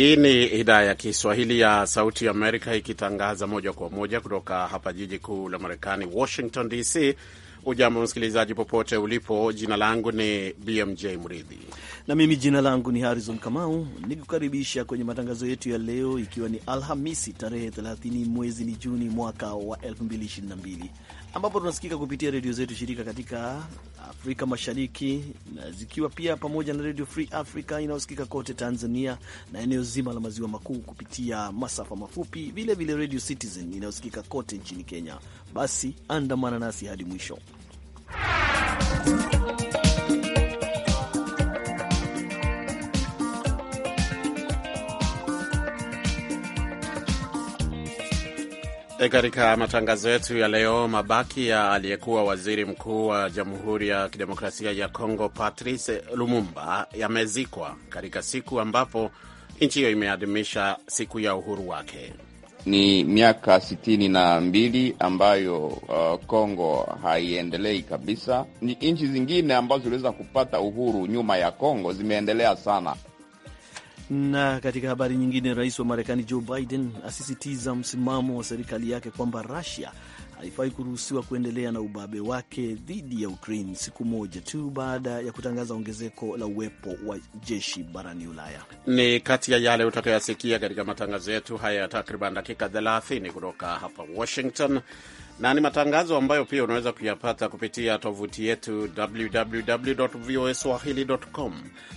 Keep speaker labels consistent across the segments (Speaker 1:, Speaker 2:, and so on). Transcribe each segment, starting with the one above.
Speaker 1: Hii ni idhaa ya Kiswahili ya Sauti Amerika ikitangaza moja kwa moja kutoka hapa jiji kuu la Marekani, Washington DC. Ujambo msikilizaji, popote ulipo. Jina langu ni BMJ Mridhi
Speaker 2: na mimi jina langu ni Harrison Kamau, nikukaribisha kwenye matangazo yetu ya leo, ikiwa ni Alhamisi tarehe 30 mwezi ni Juni mwaka wa 2022 ambapo tunasikika kupitia redio zetu shirika katika Afrika Mashariki, na zikiwa pia pamoja na Redio Free Africa inayosikika kote Tanzania na eneo zima la maziwa makuu kupitia masafa mafupi, vilevile Redio Citizen inayosikika kote nchini Kenya. Basi andamana nasi hadi mwisho
Speaker 1: E, katika matangazo yetu ya leo, mabaki ya aliyekuwa waziri mkuu wa Jamhuri ya Kidemokrasia ya Kongo Patrice Lumumba yamezikwa katika siku ambapo nchi hiyo imeadhimisha siku ya uhuru wake.
Speaker 3: Ni miaka sitini na mbili ambayo uh, Kongo haiendelei kabisa. Ni nchi zingine ambazo ziliweza kupata uhuru nyuma ya Kongo zimeendelea sana.
Speaker 2: Na katika habari nyingine, rais wa Marekani Joe Biden asisitiza msimamo wa serikali yake kwamba Russia haifai kuruhusiwa kuendelea na ubabe wake dhidi ya Ukraine siku moja tu baada ya kutangaza ongezeko la uwepo wa jeshi barani Ulaya.
Speaker 1: Ni kati ya yale utakayoyasikia katika matangazo yetu haya ya takriban dakika 30 kutoka hapa Washington na ni matangazo ambayo pia unaweza kuyapata kupitia tovuti yetu www.voaswahili.com.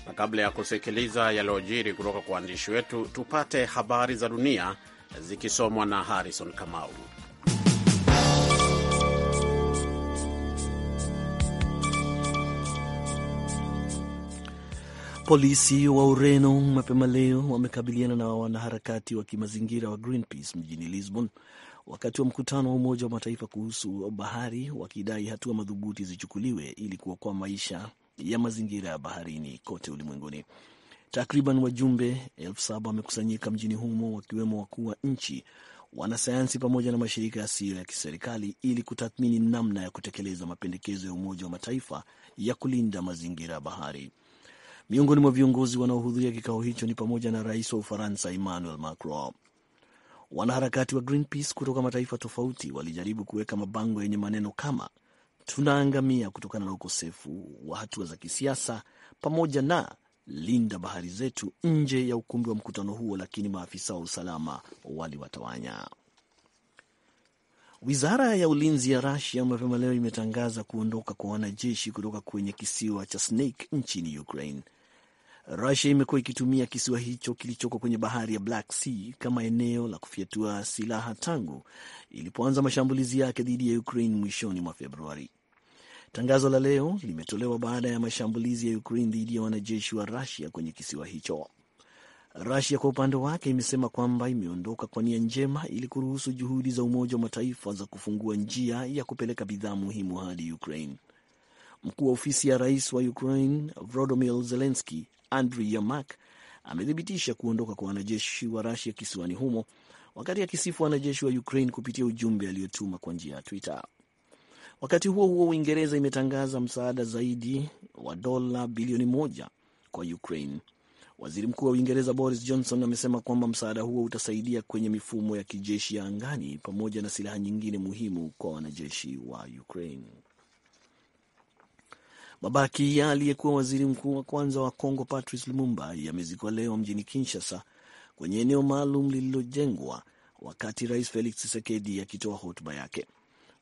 Speaker 1: Na kabla ya kusikiliza yaliyojiri kutoka kwa waandishi wetu, tupate habari za dunia zikisomwa na Harrison Kamau.
Speaker 2: Polisi wa Ureno mapema leo wamekabiliana na wanaharakati wa kimazingira wa Greenpeace mjini Lisbon wakati wa mkutano wa Umoja wa Mataifa kuhusu bahari, wakidai hatua madhubuti zichukuliwe ili kuokoa maisha ya mazingira ya baharini kote ulimwenguni. Takriban wajumbe elfu saba wamekusanyika mjini humo, wakiwemo wakuu wa nchi, wanasayansi, pamoja na mashirika yasiyo ya kiserikali ili kutathmini namna ya kutekeleza mapendekezo ya Umoja wa Mataifa ya kulinda mazingira ya bahari. Miongoni mwa viongozi wanaohudhuria kikao hicho ni pamoja na rais wa Ufaransa Emmanuel Macron. Wanaharakati wa Greenpeace kutoka mataifa tofauti walijaribu kuweka mabango yenye maneno kama tunaangamia kutokana na ukosefu wa hatua za kisiasa pamoja na linda bahari zetu nje ya ukumbi wa mkutano huo, lakini maafisa wa usalama waliwatawanya. Wizara ya ulinzi ya Rusia mapema leo imetangaza kuondoka kwa wanajeshi kutoka kwenye kisiwa cha Snake nchini Ukraine Rusia imekuwa ikitumia kisiwa hicho kilichoko kwenye bahari ya Black Sea kama eneo la kufyatua silaha tangu ilipoanza mashambulizi yake dhidi ya Ukraine mwishoni mwa Februari. Tangazo la leo limetolewa baada ya mashambulizi ya Ukraine dhidi ya wanajeshi wa Rusia kwenye kisiwa hicho. Rusia kwa upande wake imesema kwamba imeondoka kwa nia njema ili kuruhusu juhudi za Umoja wa Mataifa za kufungua njia ya kupeleka bidhaa muhimu hadi Ukraine. Mkuu wa ofisi ya rais wa Ukraine Volodymyr Zelensky Andriy Yermak amethibitisha kuondoka kwa wanajeshi wa Rusia kisiwani humo, wakati akisifu wanajeshi wa Ukraine kupitia ujumbe aliotuma kwa njia ya Twitter. Wakati huo huo, Uingereza imetangaza msaada zaidi wa dola bilioni moja kwa Ukraine. Waziri Mkuu wa Uingereza Boris Johnson amesema kwamba msaada huo utasaidia kwenye mifumo ya kijeshi ya angani pamoja na silaha nyingine muhimu kwa wanajeshi wa Ukraine. Mabaki ya aliyekuwa waziri mkuu wa kwanza wa congo Patrice Lumumba yamezikwa leo mjini Kinshasa kwenye eneo maalum lililojengwa wakati Rais Felix Tshisekedi akitoa hotuba yake.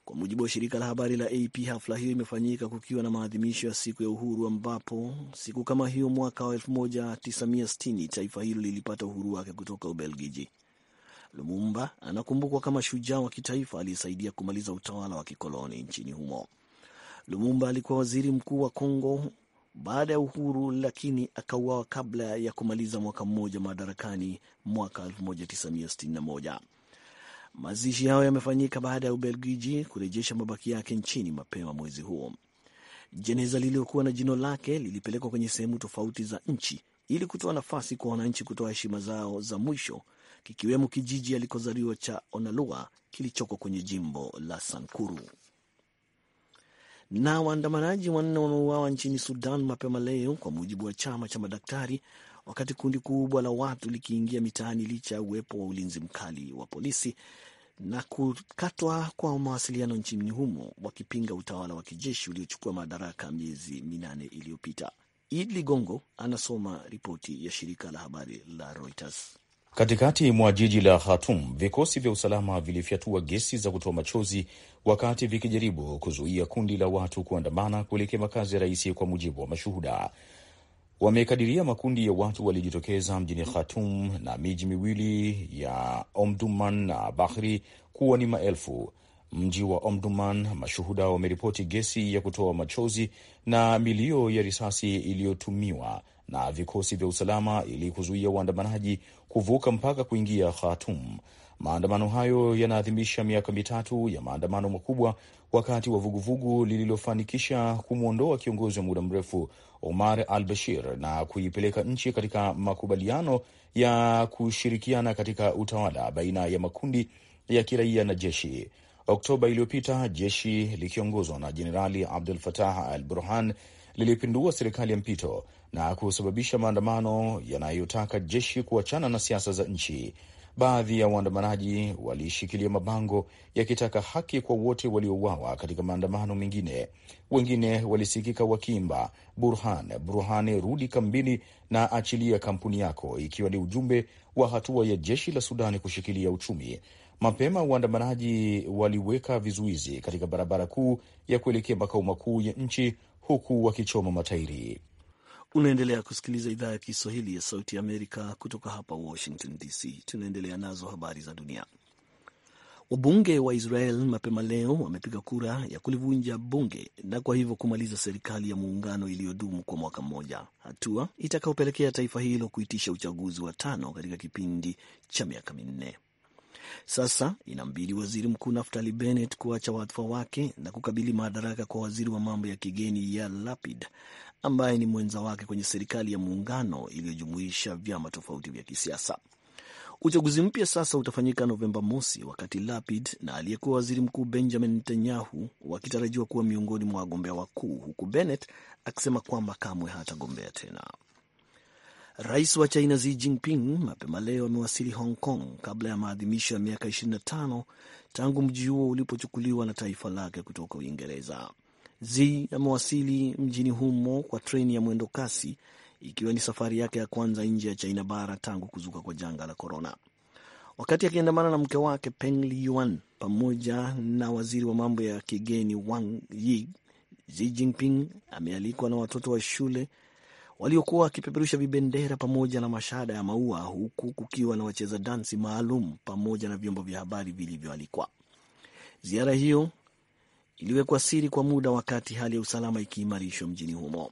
Speaker 2: Kwa mujibu wa shirika la habari la AP, hafla hiyo imefanyika kukiwa na maadhimisho ya siku ya uhuru, ambapo siku kama hiyo mwaka wa 1960 taifa hilo lilipata uhuru wake kutoka Ubelgiji. Lumumba anakumbukwa kama shujaa wa kitaifa aliyesaidia kumaliza utawala wa kikoloni nchini humo. Lumumba alikuwa waziri mkuu wa Kongo baada ya uhuru, lakini akauawa kabla ya kumaliza mwaka mmoja madarakani mwaka 1961. Mazishi hayo yamefanyika baada ya Ubelgiji kurejesha mabaki yake nchini mapema mwezi huo. Jeneza lililokuwa na jino lake lilipelekwa kwenye sehemu tofauti za nchi ili kutoa nafasi kwa wananchi kutoa heshima zao za mwisho, kikiwemo kijiji alikozaliwa cha Onalua kilichoko kwenye jimbo la Sankuru. Na waandamanaji wanne wameuawa nchini Sudan mapema leo, kwa mujibu wa chama cha madaktari, wakati kundi kubwa la watu likiingia mitaani licha ya uwepo wa ulinzi mkali wa polisi na kukatwa kwa mawasiliano nchini humo, wakipinga utawala wa kijeshi uliochukua madaraka miezi minane iliyopita. Idli gongo anasoma ripoti ya shirika la habari la Reuters.
Speaker 3: Katikati mwa jiji la Khartoum, vikosi vya usalama vilifyatua gesi za kutoa machozi wakati vikijaribu kuzuia kundi la watu kuandamana kuelekea makazi ya rais. Kwa mujibu wa mashuhuda, wamekadiria makundi ya watu walijitokeza mjini Khartoum na miji miwili ya Omdurman na Bahri kuwa ni maelfu. Mji wa Omdurman, mashuhuda wameripoti gesi ya kutoa machozi na milio ya risasi iliyotumiwa na vikosi vya usalama ili kuzuia waandamanaji kuvuka mpaka kuingia Khartoum. Maandamano hayo yanaadhimisha miaka mitatu ya maandamano makubwa wakati wa vuguvugu lililofanikisha kumwondoa kiongozi wa muda mrefu Omar al Bashir na kuipeleka nchi katika makubaliano ya kushirikiana katika utawala baina ya makundi ya kiraia na jeshi. Oktoba iliyopita jeshi likiongozwa na Jenerali Abdul Fatah al Burhan lilipindua serikali ya mpito na kusababisha maandamano yanayotaka jeshi kuachana na siasa za nchi. Baadhi ya waandamanaji walishikilia mabango yakitaka haki kwa wote waliouawa katika maandamano mengine. Wengine walisikika wakiimba Burhan Burhan, rudi kambini na achilia kampuni yako, ikiwa ni ujumbe wa hatua ya jeshi la Sudani kushikilia uchumi. Mapema waandamanaji waliweka vizuizi katika barabara kuu ya kuelekea makao makuu ya nchi, huku wakichoma matairi.
Speaker 2: Unaendelea kusikiliza idhaa ya Kiswahili ya Sauti ya Amerika kutoka hapa Washington DC. Tunaendelea nazo habari za dunia. Wabunge wa Israel mapema leo wamepiga kura ya kulivunja bunge na kwa hivyo kumaliza serikali ya muungano iliyodumu kwa mwaka mmoja, hatua itakayopelekea taifa hilo kuitisha uchaguzi wa tano katika kipindi cha miaka minne. Sasa inambidi waziri mkuu Naftali Bennett kuacha wadhifa wake na kukabili madaraka kwa waziri wa mambo ya kigeni ya Lapid ambaye ni mwenza wake kwenye serikali ya muungano iliyojumuisha vyama tofauti vya kisiasa. Uchaguzi mpya sasa utafanyika Novemba mosi, wakati Lapid na aliyekuwa waziri mkuu Benjamin Netanyahu wakitarajiwa kuwa miongoni mwa wagombea wakuu, huku Bennett akisema kwamba kamwe hatagombea tena. Rais wa China Xi Jinping mapema leo amewasili Hong Kong kabla ya maadhimisho ya miaka 25 tangu mji huo ulipochukuliwa na taifa lake kutoka Uingereza. Z amewasili mjini humo kwa treni ya mwendo kasi ikiwa ni safari yake ya kwanza nje ya China bara tangu kuzuka kwa janga la korona. Wakati akiandamana na mke wake Peng Liyuan pamoja na waziri wa mambo ya kigeni Wang Yi, Xi Jinping amealikwa na watoto wa shule waliokuwa wakipeperusha vibendera pamoja na mashada ya maua, huku kukiwa na wacheza dansi maalum pamoja na vyombo vya habari vilivyoalikwa. Ziara hiyo iliwekwa siri kwa muda wakati hali ya usalama ikiimarishwa mjini humo.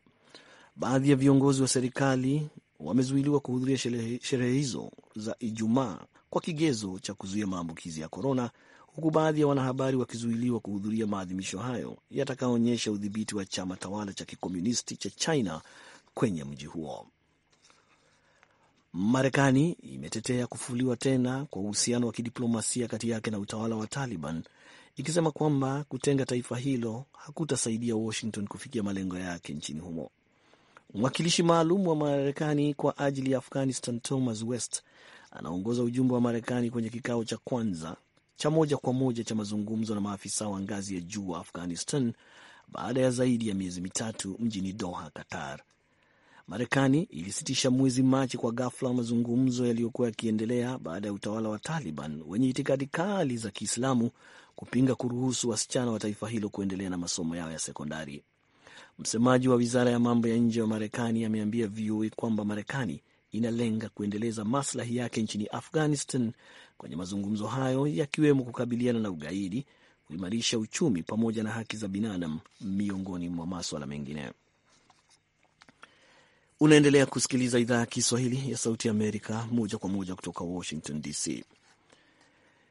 Speaker 2: Baadhi ya viongozi wa serikali wamezuiliwa kuhudhuria sherehe hizo za Ijumaa kwa kigezo cha kuzuia maambukizi ya korona, huku baadhi ya wanahabari wakizuiliwa kuhudhuria maadhimisho hayo yatakayoonyesha udhibiti wa chama tawala cha kikomunisti cha China kwenye mji huo. Marekani imetetea kufufuliwa tena kwa uhusiano wa kidiplomasia kati yake na utawala wa Taliban ikisema kwamba kutenga taifa hilo hakutasaidia Washington kufikia malengo yake nchini humo. Mwakilishi maalum wa Marekani kwa ajili ya Afghanistan Thomas West anaongoza ujumbe wa Marekani kwenye kikao cha kwanza cha moja kwa moja cha mazungumzo na maafisa wa ngazi ya juu wa Afghanistan baada ya zaidi ya miezi mitatu mjini Doha, Qatar. Marekani ilisitisha mwezi Machi kwa ghafla mazungumzo yaliyokuwa yakiendelea baada ya utawala wa Taliban wenye itikadi kali za Kiislamu kupinga kuruhusu wasichana wa taifa hilo kuendelea na masomo yao ya sekondari. Msemaji wa wizara ya mambo ya nje wa Marekani ameambia VOA kwamba Marekani inalenga kuendeleza maslahi yake nchini Afghanistan kwenye mazungumzo hayo, yakiwemo kukabiliana na ugaidi, kuimarisha uchumi pamoja na haki za binadamu, miongoni mwa maswala mengine. Unaendelea kusikiliza idhaa ya Kiswahili ya Sauti ya Amerika moja kwa moja kutoka Washington DC.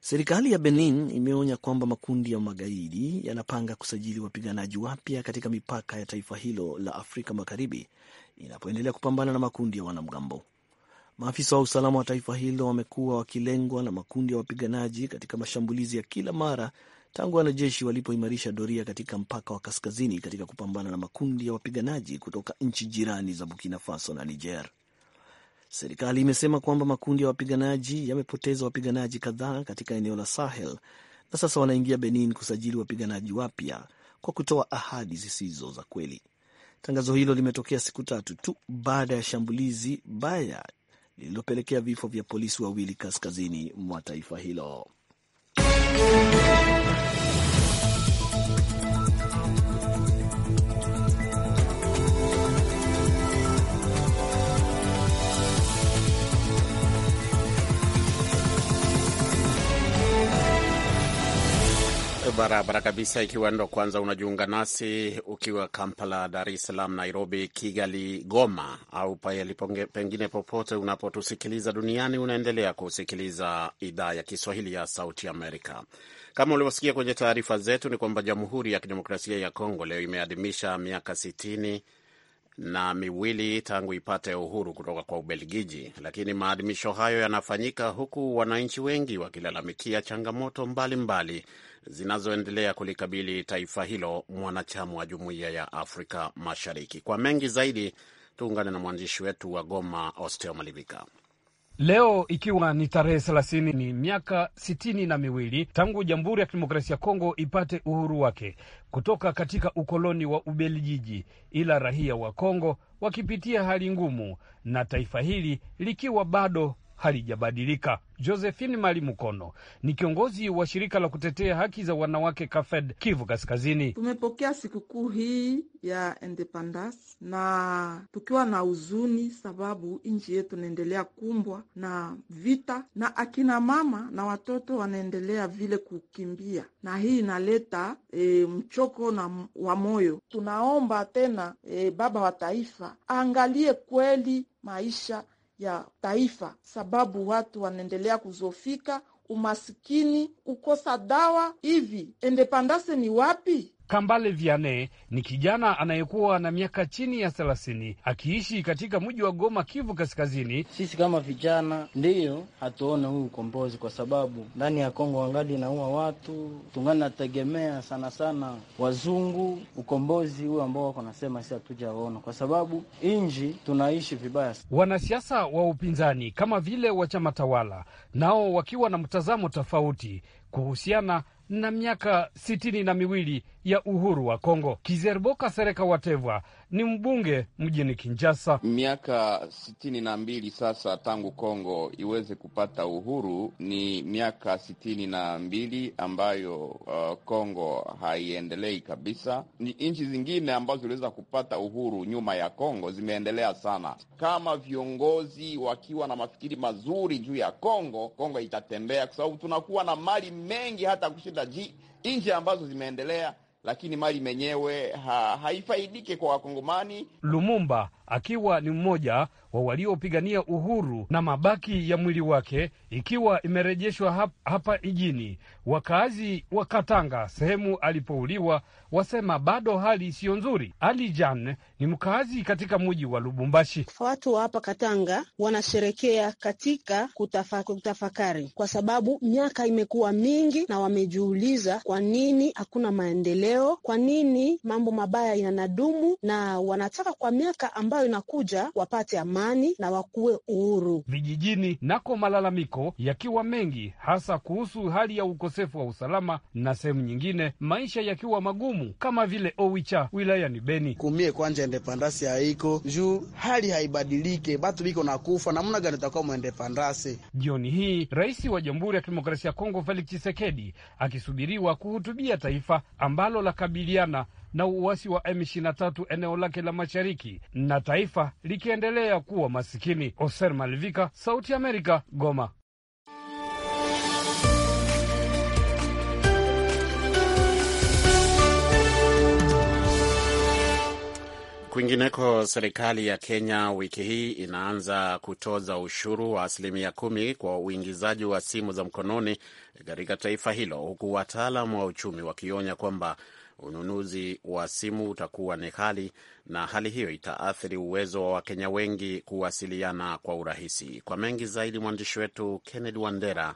Speaker 2: Serikali ya Benin imeonya kwamba makundi ya magaidi yanapanga kusajili wapiganaji wapya katika mipaka ya taifa hilo la Afrika Magharibi inapoendelea kupambana na makundi ya wanamgambo. Maafisa wa usalama wa taifa hilo wamekuwa wakilengwa na makundi ya wapiganaji katika mashambulizi ya kila mara tangu wanajeshi walipoimarisha doria katika mpaka wa kaskazini katika kupambana na makundi ya wapiganaji kutoka nchi jirani za Burkina Faso na Niger. Serikali imesema kwamba makundi ya wapiganaji yamepoteza wapiganaji kadhaa katika eneo la Sahel na sasa wanaingia Benin kusajili wapiganaji wapya kwa kutoa ahadi zisizo za kweli. Tangazo hilo limetokea siku tatu tu baada ya shambulizi baya lililopelekea vifo vya polisi wawili kaskazini mwa taifa hilo.
Speaker 1: Barabara kabisa, ikiwa ndo kwanza unajiunga nasi ukiwa Kampala, Dar es Salaam, Nairobi, Kigali, Goma au pale pengine popote unapotusikiliza duniani, unaendelea kusikiliza idhaa ya Kiswahili ya Sauti Amerika. Kama ulivyosikia kwenye taarifa zetu, ni kwamba Jamhuri ya Kidemokrasia ya Kongo leo imeadhimisha miaka sitini na miwili tangu ipate uhuru kutoka kwa Ubelgiji, lakini maadhimisho hayo yanafanyika huku wananchi wengi wakilalamikia changamoto mbalimbali zinazoendelea kulikabili taifa hilo mwanachama wa Jumuiya ya Afrika Mashariki. Kwa mengi zaidi, tuungane na mwandishi wetu wa Goma, Osteo Malivika.
Speaker 4: Leo ikiwa ni tarehe thelathini, ni miaka sitini na miwili tangu Jamhuri ya Kidemokrasia ya Kongo ipate uhuru wake kutoka katika ukoloni wa Ubelgiji, ila raia wa Kongo wakipitia hali ngumu na taifa hili likiwa bado halijabadilika. Josephine Mali Mukono ni kiongozi wa shirika la kutetea haki za wanawake KAFED Kivu Kaskazini.
Speaker 3: Tumepokea sikukuu hii ya independence na tukiwa na huzuni, sababu nchi yetu inaendelea kumbwa na vita na akina mama na watoto wanaendelea vile kukimbia, na hii inaleta e, mchoko na wa moyo. Tunaomba tena e, baba wa taifa
Speaker 5: aangalie
Speaker 3: kweli maisha ya taifa, sababu watu wanaendelea kuzofika umasikini, kukosa dawa. Hivi endepandase ni wapi?
Speaker 4: Kambale viane ni kijana anayekuwa na miaka chini ya thelathini akiishi katika mji wa Goma, Kivu Kaskazini.
Speaker 2: Sisi kama vijana ndiyo hatuone huu ukombozi, kwa sababu ndani ya Kongo wangali inaua watu, tungani nategemea sana sana wazungu. Ukombozi huu ambao wako nasema si hatujaona, kwa sababu inji tunaishi vibaya. Wanasiasa
Speaker 4: wa upinzani kama vile wa chama tawala, nao wakiwa na mtazamo tofauti kuhusiana na miaka sitini na miwili ya uhuru wa Kongo. Kizerboka Sereka Watevwa ni mbunge mjini Kinjasa.
Speaker 3: Miaka sitini na mbili sasa tangu Kongo iweze kupata uhuru, ni miaka sitini na mbili ambayo uh, Kongo haiendelei kabisa. Ni nchi zingine ambazo ziliweza kupata uhuru nyuma ya Kongo zimeendelea sana. Kama viongozi wakiwa na mafikiri mazuri juu ya Kongo, Kongo itatembea, kwa sababu tunakuwa na mali mengi hata kushinda nchi ambazo zimeendelea lakini mali menyewe ha, haifaidike kwa Wakongomani.
Speaker 4: Lumumba akiwa ni mmoja wa waliopigania uhuru na mabaki ya mwili wake ikiwa imerejeshwa hapa, hapa ijini. Wakaazi wa Katanga sehemu alipouliwa wasema bado hali siyo nzuri. Ali Jan ni mkaazi katika muji wa Lubumbashi.
Speaker 6: Watu wa hapa Katanga wanasherekea katika kutafa, kutafakari kwa sababu miaka imekuwa mingi na wamejiuliza kwa nini hakuna maendeleo leo, kwa nini mambo mabaya inanadumu, na wanataka kwa miaka ambayo inakuja wapate amani na wakuwe uhuru
Speaker 4: vijijini. Nako malalamiko yakiwa mengi, hasa kuhusu hali ya ukosefu wa usalama na sehemu nyingine maisha yakiwa magumu, kama vile Owicha
Speaker 2: wilayani Beni. Kumie kwanja endepandasi haiko juu, hali haibadilike, batu biko na kufa namna gani utakuwa mwendepandasi?
Speaker 4: Jioni hii rais wa Jamhuri ya Kidemokrasia ya Kongo Felix Tshisekedi akisubiriwa kuhutubia taifa ambalo ambalo lakabiliana na uasi wa M23 eneo lake la mashariki na taifa likiendelea kuwa masikini. Oser Malivika, Sauti ya Amerika, Goma.
Speaker 1: Kwingineko, serikali ya Kenya wiki hii inaanza kutoza ushuru wa asilimia kumi kwa uingizaji wa simu za mkononi katika taifa hilo, huku wataalamu wa uchumi wakionya kwamba ununuzi wa simu utakuwa ni ghali na hali hiyo itaathiri uwezo wa Wakenya wengi kuwasiliana kwa urahisi. Kwa mengi zaidi, mwandishi wetu Kennedy Wandera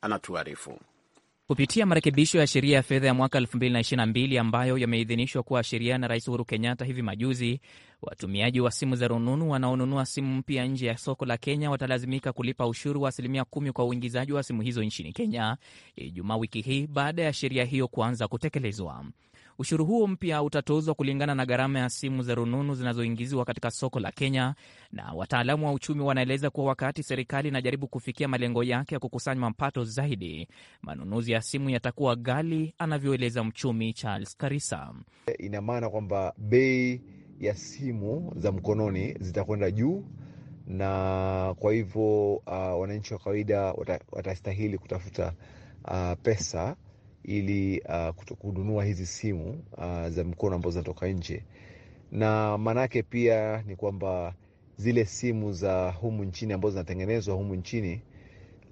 Speaker 1: anatuarifu
Speaker 5: kupitia marekebisho ya sheria ya fedha ya mwaka 2022 ambayo yameidhinishwa kuwa sheria na Rais Uhuru Kenyatta hivi majuzi, watumiaji wa simu za rununu wanaonunua simu mpya nje ya soko la Kenya watalazimika kulipa ushuru wa asilimia kumi kwa uingizaji wa simu hizo nchini Kenya Ijumaa wiki hii baada ya sheria hiyo kuanza kutekelezwa. Ushuru huo mpya utatozwa kulingana na gharama ya simu za rununu zinazoingiziwa katika soko la Kenya, na wataalamu wa uchumi wanaeleza kuwa wakati serikali inajaribu kufikia malengo yake ya kukusanya mapato zaidi, manunuzi ya simu yatakuwa ghali, anavyoeleza mchumi Charles Karisa.
Speaker 7: Ina maana kwamba bei ya simu za mkononi zitakwenda juu na kwa hivyo uh, wananchi wa kawaida watastahili kutafuta uh, pesa ili uh, ah, kununua hizi simu uh, za mkono ambazo zinatoka nje, na maanake pia ni kwamba zile simu za humu nchini ambazo zinatengenezwa humu nchini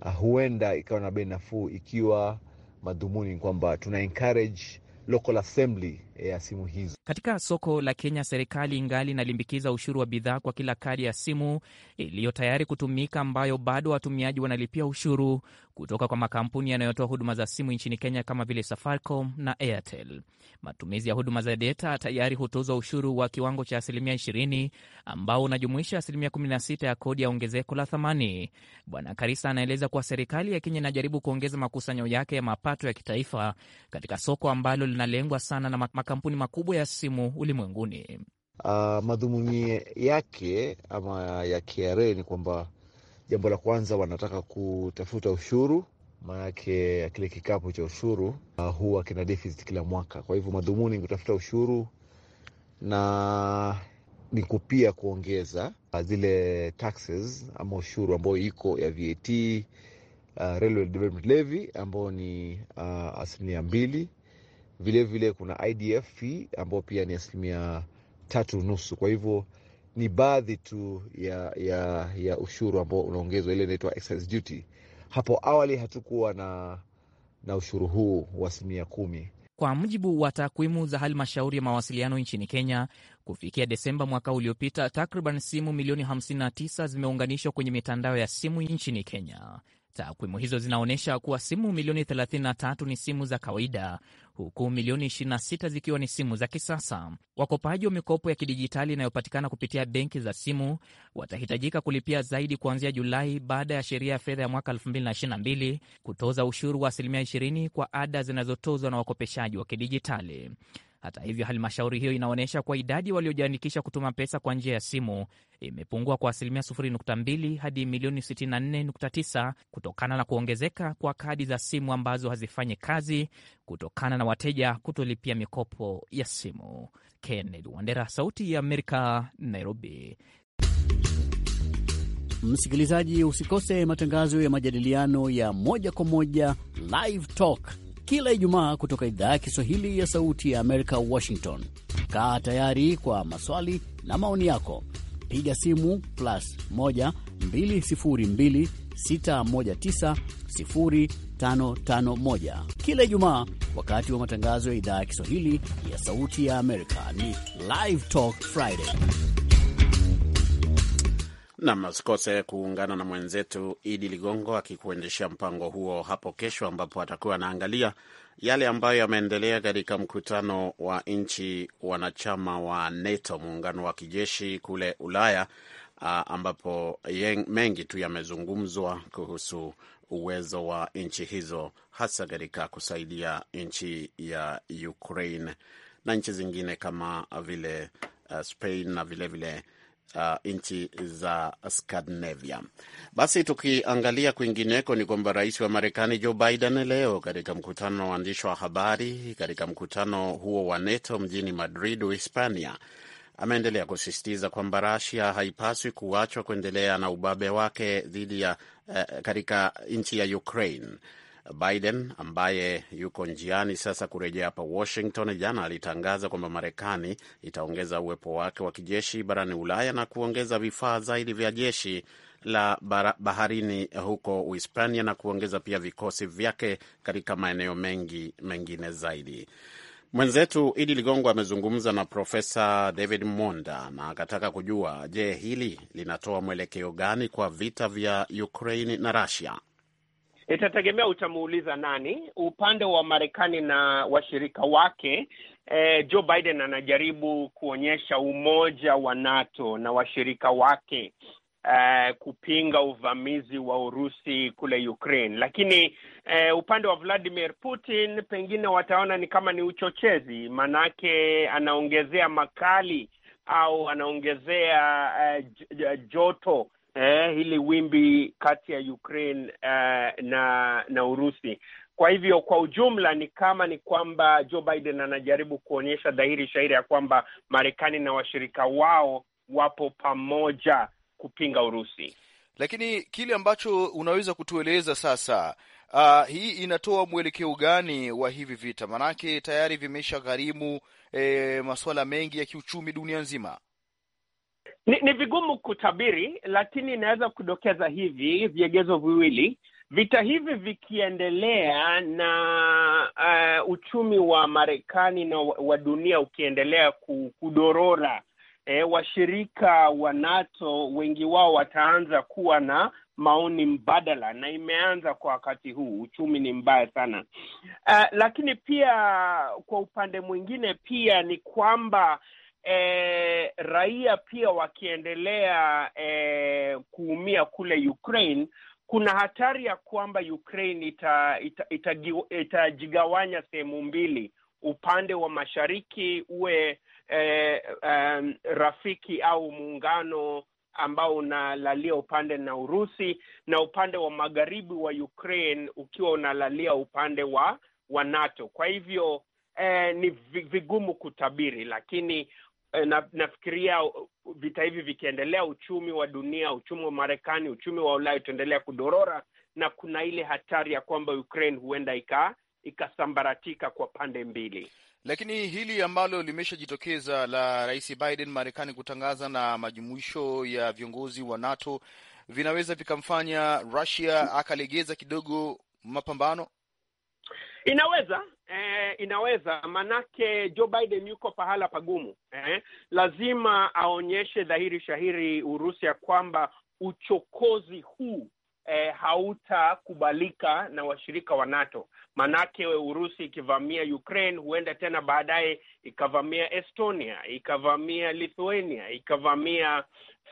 Speaker 7: uh, huenda ikawa na bei nafuu, ikiwa madhumuni kwamba tuna encourage local assembly Eh, ya simu hizo.
Speaker 5: Katika soko la Kenya, serikali ingali inalimbikiza ushuru wa bidhaa kwa kila kadi ya simu iliyo tayari kutumika, ambayo bado watumiaji wanalipia ushuru kutoka kwa makampuni yanayotoa huduma za simu nchini Kenya kama vile Safaricom na Airtel. Matumizi ya huduma za deta tayari hutozwa ushuru wa kiwango cha asilimia 20 ambao unajumuisha asilimia 16 ya kodi ya ongezeko la thamani. Bwana Karisa anaeleza kuwa serikali ya Kenya inajaribu kuongeza makusanyo yake ya mapato ya kitaifa katika soko ambalo linalengwa sana na mak makampuni makubwa ya simu ulimwenguni.
Speaker 7: Uh, madhumuni yake ama ya KRA ni kwamba jambo la kwanza wanataka kutafuta ushuru, maanake kile kikapu cha ushuru uh, huwa kina deficit kila mwaka. Kwa hivyo madhumuni ni kutafuta ushuru na ni kupia kuongeza ah, zile taxes ama ushuru ambayo iko ya VAT, uh, Railway Development Levy ambayo ni uh, asilimia mbili vilevile vile kuna IDF ambao pia ni asilimia tatu nusu. Kwa hivyo ni baadhi tu ya, ya, ya ushuru ambao unaongezwa, ile inaitwa excise duty. Hapo awali hatukuwa na, na ushuru huu wa asilimia kumi.
Speaker 5: Kwa mujibu wa takwimu za halmashauri ya mawasiliano nchini Kenya, kufikia Desemba mwaka uliopita, takriban simu milioni 59 zimeunganishwa kwenye mitandao ya simu nchini Kenya. Takwimu hizo zinaonyesha kuwa simu milioni 33 ni simu za kawaida, huku milioni 26 zikiwa ni simu za kisasa. Wakopaji wa mikopo ya kidijitali inayopatikana kupitia benki za simu watahitajika kulipia zaidi kuanzia Julai baada ya sheria ya fedha ya mwaka 2022 kutoza ushuru wa asilimia 20 kwa ada zinazotozwa na wakopeshaji wa kidijitali. Hata hivyo, halmashauri hiyo inaonyesha kuwa idadi waliojiandikisha kutuma pesa kwa njia ya simu imepungua kwa asilimia 0.2 hadi milioni 64.9 kutokana na kuongezeka kwa kadi za simu ambazo hazifanyi kazi kutokana na wateja kutolipia mikopo ya simu. Kennedy Wandera, Sauti ya Amerika, Nairobi.
Speaker 4: Msikilizaji, usikose matangazo ya majadiliano ya moja kwa moja Live Talk kila Ijumaa kutoka idhaa ya Kiswahili ya Sauti ya Amerika, Washington. Kaa tayari kwa maswali na maoni yako, piga simu plus 1 kila Ijumaa wakati wa matangazo ya idhaa ya Kiswahili ya Sauti ya
Speaker 2: Amerika. Ni Live Talk Friday.
Speaker 1: Nam, usikose kuungana na mwenzetu Idi Ligongo akikuendeshea mpango huo hapo kesho, ambapo atakuwa anaangalia yale ambayo yameendelea katika mkutano wa nchi wanachama wa NATO, muungano wa kijeshi kule Ulaya, ambapo mengi tu yamezungumzwa kuhusu uwezo wa nchi hizo, hasa katika kusaidia nchi ya Ukraine na nchi zingine kama vile Spain na vilevile vile uh, nchi za Scandinavia. Basi tukiangalia kwingineko ni kwamba rais wa Marekani Joe Biden leo katika mkutano wa waandishi wa habari katika mkutano huo wa NATO mjini Madrid, Uhispania, ameendelea kusisitiza kwamba Rasia haipaswi kuachwa kuendelea na ubabe wake dhidi ya uh, katika nchi ya Ukraine. Biden ambaye yuko njiani sasa kurejea hapa Washington, jana alitangaza kwamba Marekani itaongeza uwepo wake wa kijeshi barani Ulaya na kuongeza vifaa zaidi vya jeshi la baharini huko Uhispania na kuongeza pia vikosi vyake katika maeneo mengi mengine zaidi. Mwenzetu Idi Ligongo amezungumza na Profesa David Monda na akataka kujua, je, hili linatoa mwelekeo gani kwa vita vya Ukraini na Russia?
Speaker 8: Itategemea utamuuliza nani. Upande wa Marekani na washirika wake eh, Joe Biden anajaribu kuonyesha umoja wa NATO na washirika wake eh, kupinga uvamizi wa Urusi kule Ukraine, lakini eh, upande wa Vladimir Putin pengine wataona ni kama ni uchochezi, manake anaongezea makali au anaongezea eh, joto eh, hili wimbi kati ya Ukraine eh, na na Urusi. Kwa hivyo kwa ujumla ni kama ni kwamba Joe Biden anajaribu kuonyesha dhahiri shahiri ya kwamba Marekani na washirika wao wapo pamoja kupinga
Speaker 3: Urusi. Lakini kile ambacho unaweza kutueleza sasa, uh, hii inatoa mwelekeo gani wa hivi vita? Maanake tayari vimesha gharimu eh, masuala mengi ya kiuchumi dunia nzima. Ni, ni vigumu kutabiri,
Speaker 8: lakini inaweza kudokeza hivi viegezo viwili. Vita hivi vikiendelea na uh, uchumi wa Marekani na wa dunia ukiendelea kudorora e, washirika wa NATO wengi wao wataanza kuwa na maoni mbadala, na imeanza kwa wakati huu. Uchumi ni mbaya sana. Uh, lakini pia kwa upande mwingine pia ni kwamba eh, raia pia wakiendelea eh, kuumia kule Ukraine, kuna hatari ya kwamba Ukraine itajigawanya ita, ita, ita sehemu mbili, upande wa mashariki uwe eh, um, rafiki au muungano ambao unalalia upande na Urusi na upande wa magharibi wa Ukraine ukiwa unalalia upande wa wa NATO. Kwa hivyo eh, ni vigumu kutabiri, lakini Eh, na, nafikiria uh, vita hivi vikiendelea, uchumi wa dunia, uchumi wa Marekani, uchumi wa Ulaya utaendelea kudorora, na kuna ile hatari ya kwamba Ukraine huenda ika ikasambaratika kwa pande mbili.
Speaker 3: Lakini hili ambalo limeshajitokeza la Rais Biden Marekani kutangaza na majumuisho ya viongozi wa NATO vinaweza vikamfanya Russia akalegeza kidogo mapambano.
Speaker 8: Inaweza eh, inaweza manake Joe Biden yuko pahala pagumu eh. Lazima aonyeshe dhahiri shahiri Urusi ya kwamba uchokozi huu eh, hautakubalika na washirika wa NATO. Manake Urusi ikivamia Ukraine, huenda tena baadaye ikavamia Estonia, ikavamia Lithuania, ikavamia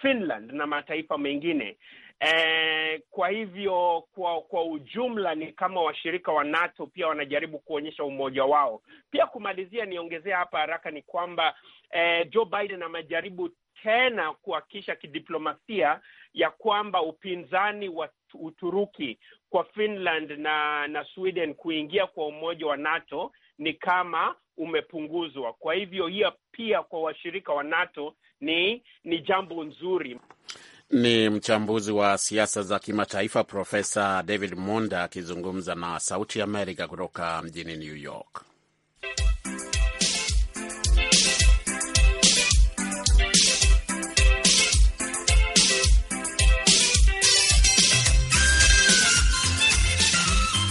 Speaker 8: Finland na mataifa mengine E, kwa hivyo kwa kwa ujumla ni kama washirika wa NATO pia wanajaribu kuonyesha umoja wao. Pia kumalizia, niongezea hapa haraka ni kwamba e, Joe Biden amejaribu tena kuhakikisha kidiplomasia ya kwamba upinzani wa Uturuki kwa Finland na na Sweden kuingia kwa umoja wa NATO ni kama umepunguzwa. Kwa hivyo hiyo pia kwa washirika wa NATO ni ni jambo nzuri.
Speaker 1: Ni mchambuzi wa siasa za kimataifa Profesa David Monda akizungumza na Sauti Amerika kutoka mjini New York.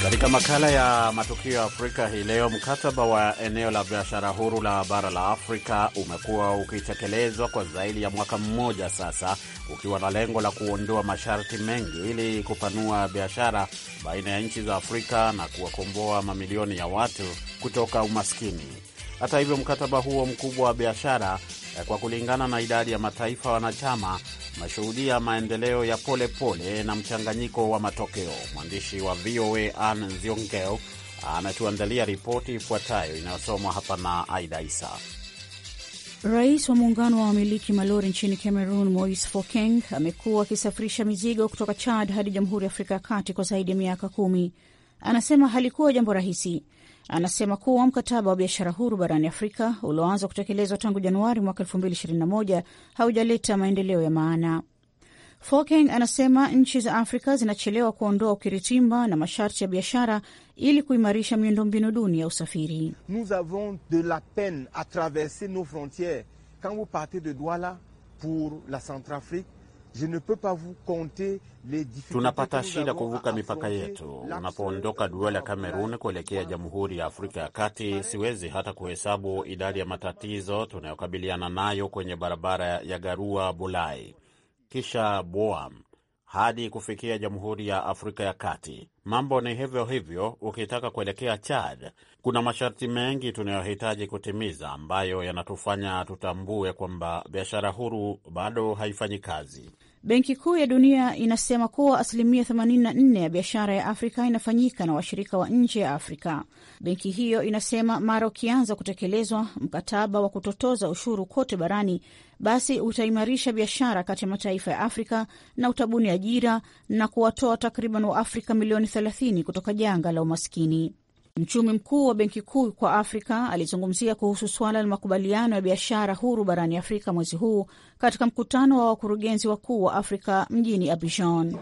Speaker 1: Katika makala ya matukio ya Afrika hii leo, mkataba wa eneo la biashara huru la bara la Afrika umekuwa ukitekelezwa kwa zaidi ya mwaka mmoja sasa, ukiwa na lengo la kuondoa masharti mengi ili kupanua biashara baina ya nchi za Afrika na kuwakomboa mamilioni ya watu kutoka umaskini. Hata hivyo, mkataba huo mkubwa wa biashara, eh, kwa kulingana na idadi ya mataifa wanachama, umeshuhudia maendeleo ya polepole pole na mchanganyiko wa matokeo. Mwandishi wa VOA Ann Ziongeo ametuandalia ripoti ifuatayo inayosomwa hapa na Aida Isa.
Speaker 6: Rais wa muungano wa wamiliki malori nchini Cameroon, mois Fokeng, amekuwa akisafirisha mizigo kutoka Chad hadi Jamhuri ya Afrika ya Kati kwa zaidi ya miaka kumi. Anasema halikuwa jambo rahisi. Anasema kuwa mkataba wa biashara huru barani Afrika ulioanza kutekelezwa tangu Januari mwaka 2021 haujaleta maendeleo ya maana. Folken anasema nchi za Afrika zinachelewa kuondoa ukiritimba na masharti ya biashara ili kuimarisha miundombinu duni ya usafiri.
Speaker 8: Nous avons de la peine à traverser nos frontieres. Quand vous partez de Douala pour la Centrafrique,
Speaker 1: tunapata shida kuvuka mipaka yetu. Unapoondoka Duala, cameroon kuelekea Jamhuri ya Afrika ya Kati, siwezi hata kuhesabu idadi ya matatizo tunayokabiliana nayo kwenye barabara ya Garua Bulai kisha Boam hadi kufikia Jamhuri ya Afrika ya Kati. Mambo ni hivyo hivyo ukitaka kuelekea Chad. Kuna masharti mengi tunayohitaji kutimiza ambayo yanatufanya tutambue kwamba biashara huru bado haifanyi kazi.
Speaker 6: Benki Kuu ya Dunia inasema kuwa asilimia 84 ya biashara ya Afrika inafanyika na washirika wa nje ya Afrika. Benki hiyo inasema mara ukianza kutekelezwa mkataba wa kutotoza ushuru kote barani, basi utaimarisha biashara kati ya mataifa ya Afrika na utabuni ajira na kuwatoa takriban Waafrika milioni 30 kutoka janga la umaskini. Mchumi mkuu wa Benki Kuu kwa Afrika alizungumzia kuhusu suala la makubaliano ya biashara huru barani Afrika mwezi huu katika mkutano wa wakurugenzi wakuu wa Afrika mjini Abidjan.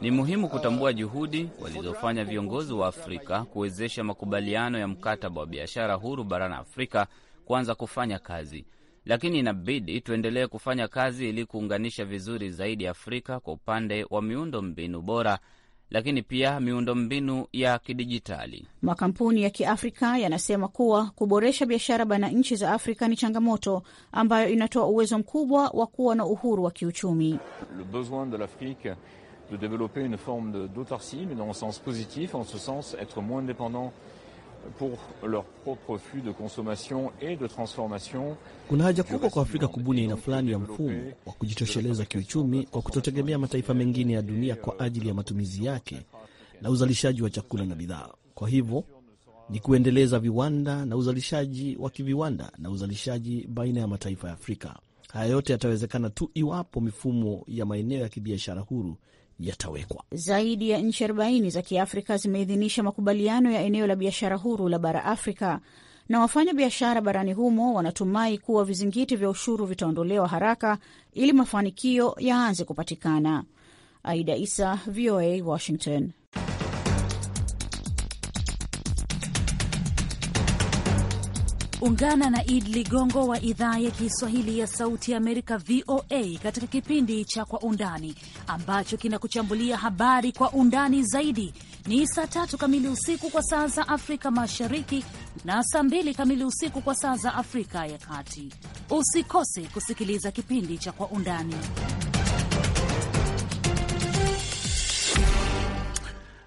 Speaker 1: Ni
Speaker 5: muhimu kutambua juhudi walizofanya viongozi wa Afrika kuwezesha makubaliano ya mkataba wa biashara huru barani Afrika kuanza kufanya kazi lakini inabidi tuendelee kufanya kazi ili kuunganisha vizuri zaidi Afrika kwa upande wa miundo mbinu bora lakini pia miundo mbinu ya kidijitali.
Speaker 6: Makampuni ya Kiafrika yanasema kuwa kuboresha biashara baina ya nchi za Afrika ni changamoto ambayo inatoa uwezo mkubwa wa kuwa na uhuru wa kiuchumi.
Speaker 4: Le besoin de l'Afrique de une forme d'autarcie mais dans sens positif en ce sens moins dependant pour leur propre flux de consommation et de transformation.
Speaker 2: Kuna haja kubwa kwa Afrika kubuni aina fulani ya mfumo wa kujitosheleza kiuchumi kwa kutotegemea mataifa mengine ya dunia kwa euh, ajili ya matumizi yake na uzalishaji wa chakula na bidhaa. Kwa hivyo ni kuendeleza viwanda na uzalishaji wa kiviwanda na uzalishaji baina ya mataifa ya Afrika. Haya yote yatawezekana tu iwapo mifumo ya maeneo ya kibiashara huru yatawekwa.
Speaker 6: Zaidi ya nchi 40 za Kiafrika zimeidhinisha makubaliano ya eneo la biashara huru la bara Afrika, na wafanya biashara barani humo wanatumai kuwa vizingiti vya ushuru vitaondolewa haraka ili mafanikio yaanze kupatikana. Aida Isa, VOA, Washington. Ungana na Id Ligongo wa idhaa ya Kiswahili ya Sauti ya Amerika, VOA, katika kipindi cha Kwa Undani ambacho kinakuchambulia habari kwa undani zaidi. Ni saa tatu kamili usiku kwa saa za Afrika Mashariki na saa mbili kamili usiku kwa saa za Afrika ya Kati. Usikose kusikiliza kipindi cha Kwa Undani.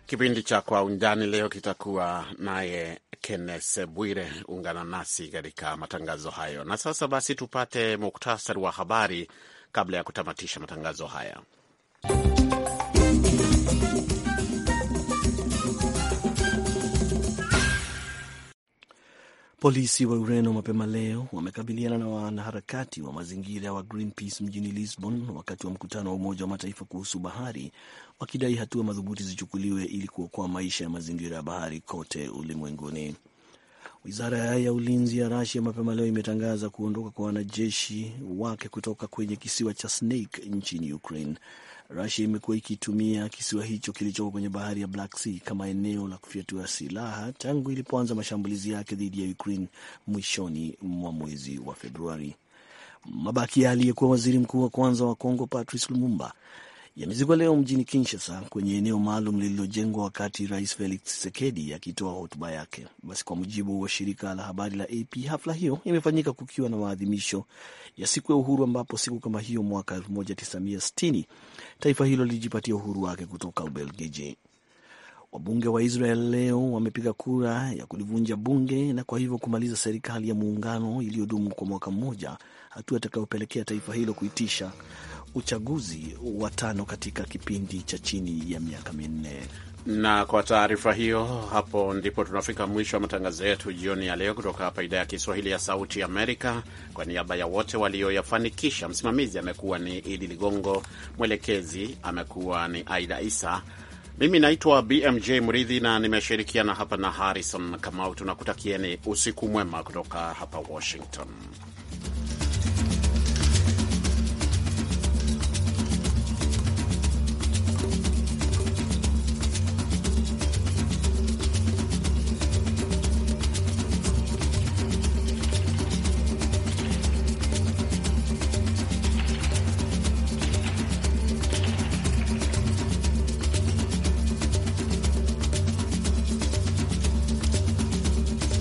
Speaker 1: Kipindi cha Kwa Undani leo kitakuwa naye Kennes Bwire. Ungana nasi katika matangazo hayo, na sasa basi tupate muktasari wa habari kabla ya kutamatisha matangazo haya.
Speaker 2: Polisi wa Ureno mapema leo wamekabiliana na wanaharakati wa mazingira wa Greenpeace mjini Lisbon wakati wa mkutano wa Umoja wa Mataifa kuhusu bahari, wakidai hatua madhubuti zichukuliwe ili kuokoa maisha ya mazingira ya bahari kote ulimwenguni. Wizara ya ulinzi ya Rasia mapema leo imetangaza kuondoka kwa wanajeshi wake kutoka kwenye kisiwa cha Snake nchini Ukraine. Rusia imekuwa ikitumia kisiwa hicho kilichoko kwenye bahari ya Black Sea kama eneo la kufyatua silaha tangu ilipoanza mashambulizi yake dhidi ya Ukraine mwishoni mwa mwezi wa Februari. Mabaki ya aliyekuwa waziri mkuu wa kwanza wa congo Patrice Lumumba yamezikwa leo mjini Kinshasa kwenye eneo maalum lililojengwa wakati Rais Felix Tshisekedi akitoa ya hotuba yake. Basi, kwa mujibu wa shirika la habari la AP, hafla hiyo imefanyika kukiwa na maadhimisho ya siku ya uhuru, ambapo siku kama hiyo mwaka 1960 taifa hilo lilijipatia uhuru wake kutoka Ubelgiji. Wabunge wa Israel leo wamepiga kura ya kulivunja bunge na kwa hivyo kumaliza serikali ya muungano iliyodumu kwa mwaka mmoja, hatua itakayopelekea taifa hilo kuitisha uchaguzi wa tano katika kipindi cha chini ya miaka minne.
Speaker 1: Na kwa taarifa hiyo, hapo ndipo tunafika mwisho wa matangazo yetu jioni ya leo kutoka hapa idhaa ya Kiswahili ya Sauti Amerika. Kwa niaba ya wote walioyafanikisha, msimamizi amekuwa ni Idi Ligongo, mwelekezi amekuwa ni Aida Isa. Mimi naitwa BMJ Mridhi na nimeshirikiana hapa na Harrison Kamau. Tunakutakieni usiku mwema kutoka hapa Washington.